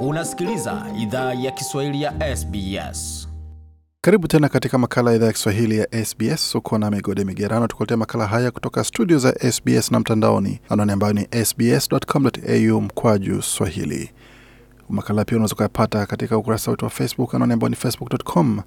Unasikiliza idhaa ya Kiswahili ya SBS. Karibu tena katika makala ya idhaa ya Kiswahili ya SBS. Uko na Migode Migerano tukuletea makala haya kutoka studio za SBS na mtandaoni, anwani ambayo ni sbs.com.au mkwaju swahili. Makala pia unaweza kuyapata katika ukurasa wetu wa Facebook, anwani ambayo ni facebook.com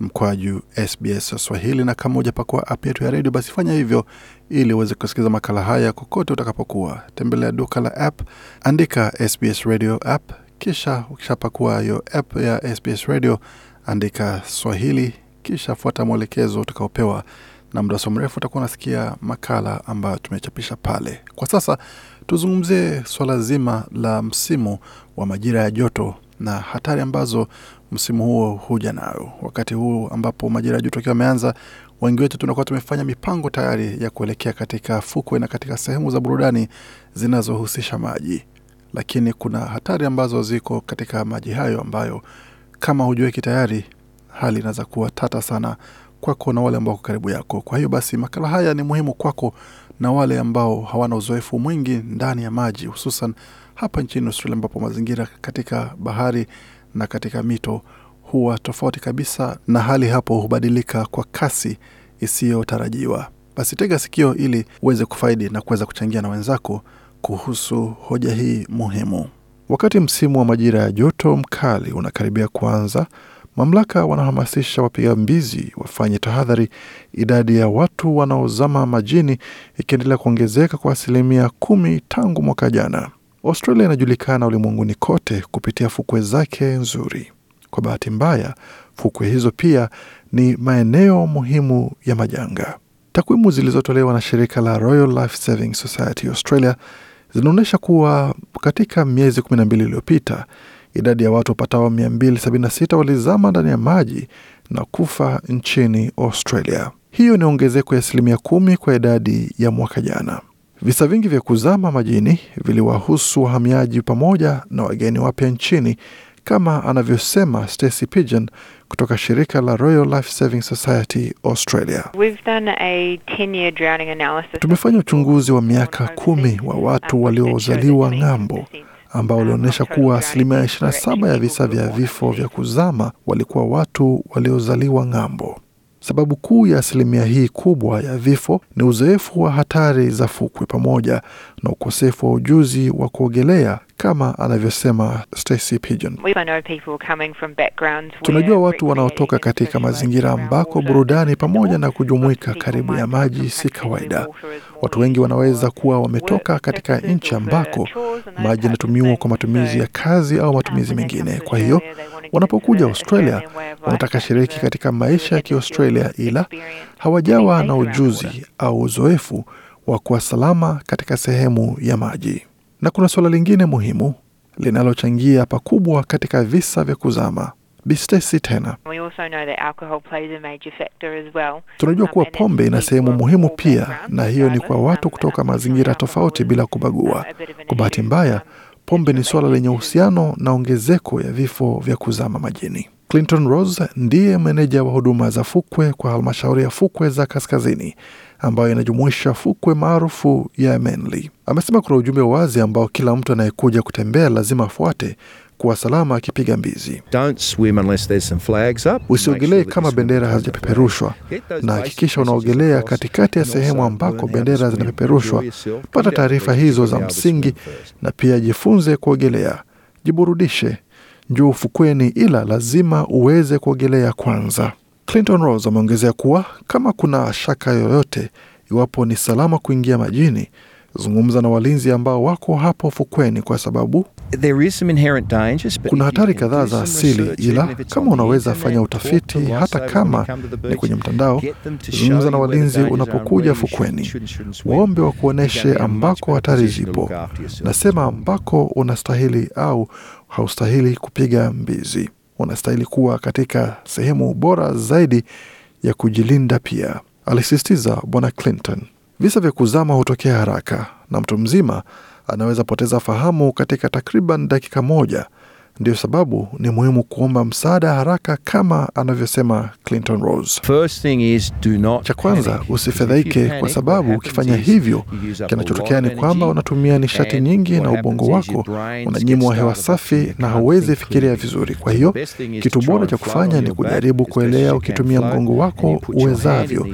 mkwaju SBS Swahili. Na kama hujapakua app yetu ya redio, basi fanya hivyo ili uweze kusikiliza makala haya kokote utakapokuwa. Tembelea duka la app, andika SBS radio app kisha ukishapakua hiyo app ya SBS Radio, andika Swahili, kisha fuata mwelekezo utakaopewa, na muda so mrefu utakuwa unasikia makala ambayo tumechapisha pale. Kwa sasa tuzungumzie swala zima la msimu wa majira ya joto na hatari ambazo msimu huo huja nayo. Wakati huu ambapo majira ya joto akiwa ameanza, wengi wetu tunakuwa tumefanya mipango tayari ya kuelekea katika fukwe na katika sehemu za burudani zinazohusisha maji lakini kuna hatari ambazo ziko katika maji hayo ambayo kama hujueki tayari, hali inaweza kuwa tata sana kwako na wale ambao wako karibu yako. Kwa hiyo basi, makala haya ni muhimu kwako na wale ambao hawana uzoefu mwingi ndani ya maji, hususan hapa nchini Australia ambapo mazingira katika bahari na katika mito huwa tofauti kabisa, na hali hapo hubadilika kwa kasi isiyotarajiwa. Basi tega sikio ili uweze kufaidi na kuweza kuchangia na wenzako kuhusu hoja hii muhimu. Wakati msimu wa majira ya joto mkali unakaribia kuanza, mamlaka wanahamasisha wapiga mbizi wafanye tahadhari, idadi ya watu wanaozama majini ikiendelea kuongezeka kwa asilimia kumi tangu mwaka jana. Australia inajulikana ulimwenguni kote kupitia fukwe zake nzuri. Kwa bahati mbaya, fukwe hizo pia ni maeneo muhimu ya majanga. Takwimu zilizotolewa na shirika la Royal Life Saving Society Australia zinaonyesha kuwa katika miezi 12 iliyopita idadi ya watu wapatao 276 walizama ndani ya maji na kufa nchini Australia. Hiyo ni ongezeko ya asilimia kumi kwa idadi ya mwaka jana. Visa vingi vya kuzama majini viliwahusu wahamiaji pamoja na wageni wapya nchini kama anavyosema Stacy Pigeon kutoka shirika la Royal Life Saving Society Australia. We've done a 10 year drowning analysis. Tumefanya uchunguzi wa miaka kumi wa watu waliozaliwa ng'ambo ambao ulionyesha um, kuwa asilimia 27 ya visa vya vifo vya kuzama walikuwa watu waliozaliwa ng'ambo. Sababu kuu ya asilimia hii kubwa ya vifo ni uzoefu wa hatari za fukwe pamoja na ukosefu wa ujuzi wa kuogelea kama anavyosema Stacy Pigeon. Tunajua watu wanaotoka katika mazingira ambako burudani pamoja na kujumuika karibu ya maji si kawaida. Watu wengi wanaweza kuwa wametoka katika nchi ambako maji yanatumiwa kwa matumizi ya kazi au matumizi mengine. Kwa hiyo wanapokuja Australia wanataka shiriki katika maisha ya Kiaustralia, ila hawajawa na ujuzi au uzoefu wa kuwa salama katika sehemu ya maji. Na kuna suala lingine muhimu linalochangia pakubwa katika visa vya kuzama bistesi tena. Well. Tunajua kuwa um, pombe ina sehemu muhimu pia, na hiyo ni kwa watu kutoka mazingira tofauti bila kubagua. Um, kwa bahati mbaya, pombe ni suala lenye uhusiano na ongezeko ya vifo vya kuzama majini. Clinton Rose ndiye meneja wa huduma za fukwe kwa halmashauri ya fukwe za kaskazini ambayo inajumuisha fukwe maarufu ya Manly. Amesema kuna ujumbe wazi ambao kila mtu anayekuja kutembea lazima afuate kuwa salama akipiga mbizi. Usiogelee kama bendera hazijapeperushwa, na hakikisha unaogelea katikati ya sehemu ambako bendera zinapeperushwa. Pata taarifa hizo za msingi, na pia jifunze kuogelea, jiburudishe, njoo ufukweni, ila lazima uweze kuogelea kwanza. Clinton Rose ameongezea kuwa kama kuna shaka yoyote iwapo ni salama kuingia majini, zungumza na walinzi ambao wako hapo fukweni, kwa sababu kuna hatari kadhaa za asili, ila kama unaweza fanya utafiti, hata kama ni kwenye mtandao, zungumza na walinzi unapokuja fukweni, waombe wa kuonyeshe ambako hatari zipo, nasema ambako unastahili au haustahili kupiga mbizi wanastahili kuwa katika sehemu bora zaidi ya kujilinda pia, alisisitiza Bwana Clinton. Visa vya kuzama hutokea haraka na mtu mzima anaweza poteza fahamu katika takriban dakika moja Ndiyo sababu ni muhimu kuomba msaada haraka, kama anavyosema Clinton Rose. First thing is do not, cha kwanza usifedhaike, kwa sababu ukifanya hivyo, kinachotokea ni kwamba unatumia nishati nyingi na ubongo wako unanyimwa hewa safi na hauwezi fikiria vizuri. Kwa hiyo kitu bora cha kufanya ni kujaribu kuelea ukitumia mgongo wako uwezavyo,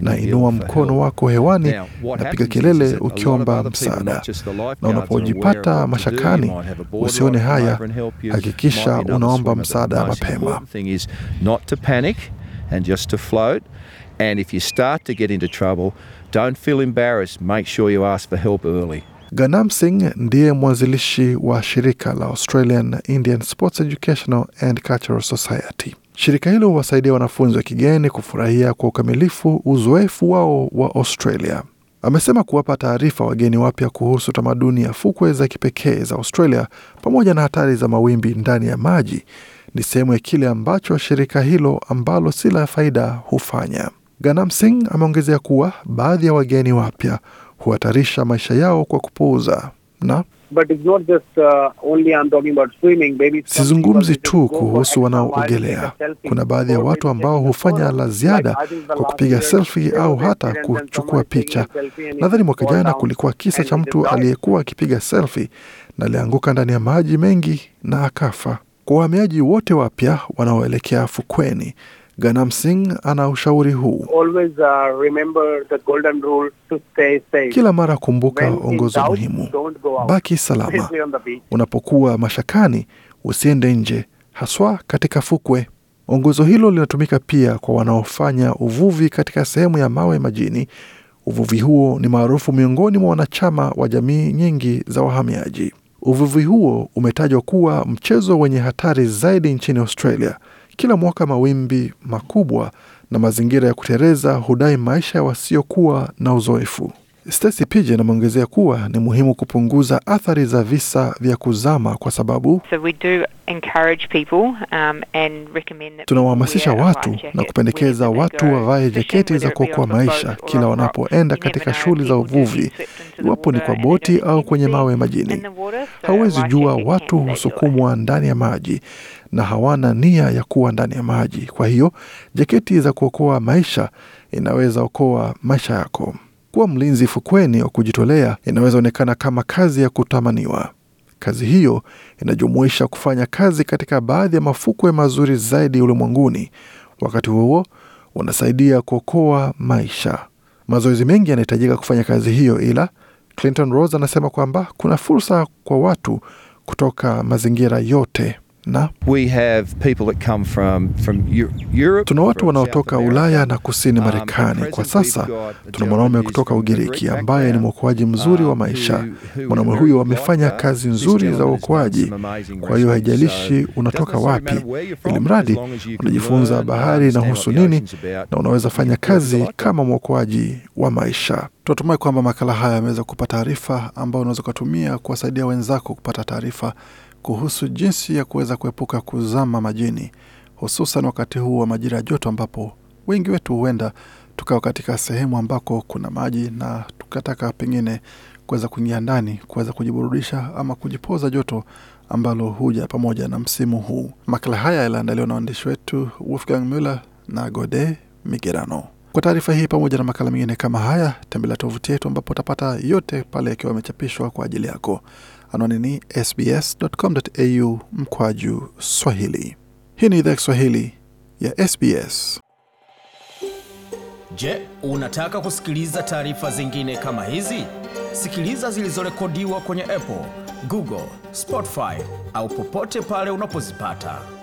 na inua mkono wako hewani na piga kelele ukiomba msaada, na unapojipata mashakani usione haya hakikisha unaomba msaada mapema. Ganam Singh ndiye mwanzilishi wa shirika la Australian Indian Sports Educational and Cultural Society. Shirika hilo huwasaidia wanafunzi wa kigeni kufurahia kwa ukamilifu uzoefu wao wa Australia amesema kuwapa taarifa wageni wapya kuhusu tamaduni ya fukwe za kipekee za Australia pamoja na hatari za mawimbi ndani ya maji ni sehemu ya kile ambacho shirika hilo ambalo si la faida hufanya. Ganam Singh ameongezea kuwa baadhi ya wageni wapya huhatarisha maisha yao kwa kupuuza na uh, Sizungumzi tu kuhusu wanaoogelea. Kuna baadhi ya watu ambao hufanya la ziada kwa kupiga selfie au hata kuchukua picha. Nadhani mwaka jana kulikuwa kisa cha mtu aliyekuwa akipiga selfie na alianguka ndani ya maji mengi na akafa. Kwa wahamiaji wote wapya wanaoelekea fukweni Ganam Singh ana ushauri huu: Always, uh, remember the golden rule to stay safe. Kila mara kumbuka ongozo muhimu, baki salama. Unapokuwa mashakani usiende nje, haswa katika fukwe. Ongozo hilo linatumika pia kwa wanaofanya uvuvi katika sehemu ya mawe majini. Uvuvi huo ni maarufu miongoni mwa wanachama wa jamii nyingi za wahamiaji. Uvuvi huo umetajwa kuwa mchezo wenye hatari zaidi nchini Australia. Kila mwaka mawimbi makubwa na mazingira ya kutereza hudai maisha wasiokuwa na uzoefu. Stacey Pigen ameongezea kuwa ni muhimu kupunguza athari za visa vya kuzama kwa sababu so um, tunawahamasisha watu na kupendekeza watu wavae jaketi za kuokoa maisha kila wanapoenda katika shughuli za uvuvi, iwapo ni kwa boti au kwenye mawe majini. Hawezi jua watu husukumwa ndani ya maji na hawana nia ya kuwa ndani ya maji. Kwa hiyo jaketi za kuokoa maisha inaweza okoa maisha yako kuwa mlinzi fukweni wa kujitolea inaweza onekana kama kazi ya kutamaniwa. Kazi hiyo inajumuisha kufanya kazi katika baadhi ya mafukwe mazuri zaidi ulimwenguni. Wakati huo unasaidia kuokoa maisha. Mazoezi mengi yanahitajika kufanya kazi hiyo, ila Clinton Rose anasema kwamba kuna fursa kwa watu kutoka mazingira yote na We have people that come from, from Europe, tuna watu wanaotoka Ulaya na kusini um, Marekani. Kwa sasa tuna mwanaume kutoka Ugiriki ambaye ni mwokoaji mzuri wa um, maisha. Mwanaume huyu amefanya kazi nzuri za uokoaji, kwa hiyo haijalishi unatoka wapi, ili mradi unajifunza bahari husu nini, na unaweza fanya kazi kama mwokoaji wa maisha. Tunatumai kwamba makala haya yameweza kupa taarifa ambayo unaweza ukatumia kuwasaidia wenzako kupata taarifa kuhusu jinsi ya kuweza kuepuka kuzama majini, hususan wakati huu wa majira ya joto, ambapo wengi wetu huenda tukawa katika sehemu ambako kuna maji na tukataka pengine kuweza kuingia ndani kuweza kujiburudisha ama kujipoza joto ambalo huja pamoja na msimu huu. Makala haya yaliandaliwa na waandishi wetu Wolfgang Muller na Gode Migerano. Kwa taarifa hii pamoja na makala mengine kama haya, tembelea tovuti yetu ambapo utapata yote pale yakiwa yamechapishwa kwa ajili yako. Anwani ni sbs.com.au mkwaju swahili. Hii ni idhaa ya Kiswahili ya SBS. Je, unataka kusikiliza taarifa zingine kama hizi? Sikiliza zilizorekodiwa kwenye Apple, Google, Spotify au popote pale unapozipata.